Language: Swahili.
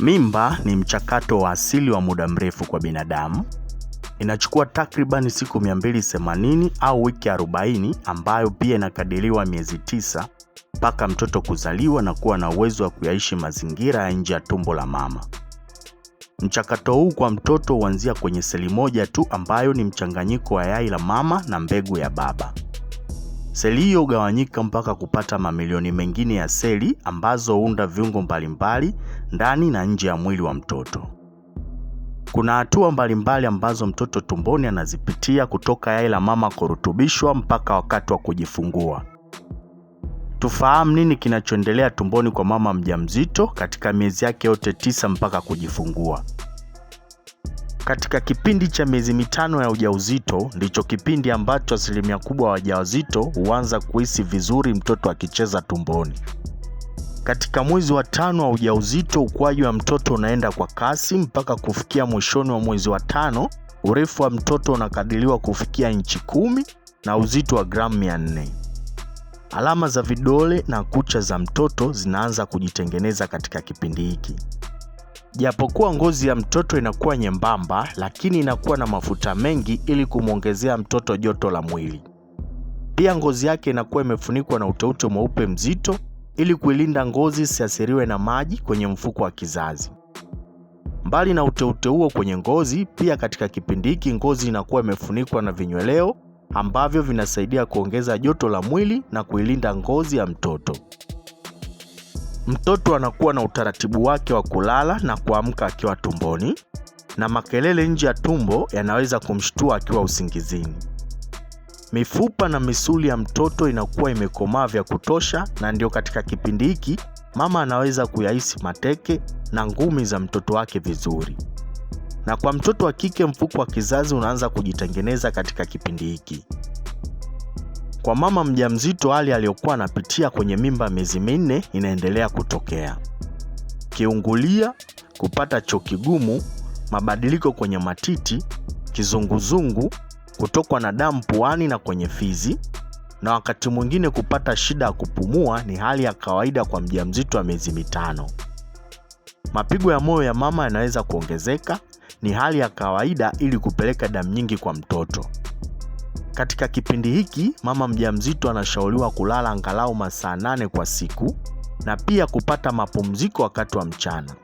Mimba ni mchakato wa asili wa muda mrefu kwa binadamu. Inachukua takribani siku 280 au wiki 40 ambayo pia inakadiriwa miezi tisa mpaka mtoto kuzaliwa na kuwa na uwezo wa kuyaishi mazingira ya nje ya tumbo la mama. Mchakato huu kwa mtoto huanzia kwenye seli moja tu ambayo ni mchanganyiko wa yai la mama na mbegu ya baba. Seli hiyo hugawanyika mpaka kupata mamilioni mengine ya seli ambazo huunda viungo mbalimbali ndani na nje ya mwili wa mtoto. Kuna hatua mbalimbali ambazo mtoto tumboni anazipitia kutoka yai la mama kurutubishwa mpaka wakati wa kujifungua. Tufahamu nini kinachoendelea tumboni kwa mama mjamzito katika miezi yake yote tisa mpaka kujifungua. Katika kipindi cha miezi mitano ya ujauzito ndicho kipindi ambacho asilimia kubwa ya wajawazito huanza kuhisi vizuri mtoto akicheza tumboni. Katika mwezi wa tano wa ujauzito, ukuaji wa mtoto unaenda kwa kasi mpaka kufikia mwishoni wa mwezi wa tano, urefu wa mtoto unakadiriwa kufikia inchi kumi na uzito wa gramu mia nne. Alama za vidole na kucha za mtoto zinaanza kujitengeneza katika kipindi hiki. Japokuwa ngozi ya mtoto inakuwa nyembamba, lakini inakuwa na mafuta mengi ili kumwongezea mtoto joto la mwili. Pia ngozi yake inakuwa imefunikwa na uteute mweupe mzito ili kuilinda ngozi isiathiriwe na maji kwenye mfuko wa kizazi. Mbali na uteute huo kwenye ngozi, pia katika kipindi hiki ngozi inakuwa imefunikwa na vinyweleo ambavyo vinasaidia kuongeza joto la mwili na kuilinda ngozi ya mtoto. Mtoto anakuwa na utaratibu wake wa kulala na kuamka akiwa tumboni, na makelele nje ya tumbo yanaweza kumshtua akiwa usingizini. Mifupa na misuli ya mtoto inakuwa imekomaa vya kutosha, na ndio katika kipindi hiki mama anaweza kuyahisi mateke na ngumi za mtoto wake vizuri. Na kwa mtoto wa kike, mfuko wa kizazi unaanza kujitengeneza katika kipindi hiki. Kwa mama mjamzito, hali aliyokuwa anapitia kwenye mimba miezi minne inaendelea kutokea: kiungulia, kupata choo kigumu, mabadiliko kwenye matiti, kizunguzungu, kutokwa na damu puani na kwenye fizi, na wakati mwingine kupata shida ya kupumua. Ni hali ya kawaida kwa mjamzito wa miezi mitano. Mapigo ya moyo ya mama yanaweza kuongezeka. Ni hali ya kawaida ili kupeleka damu nyingi kwa mtoto. Katika kipindi hiki mama mjamzito anashauriwa kulala angalau masaa nane kwa siku na pia kupata mapumziko wakati wa mchana.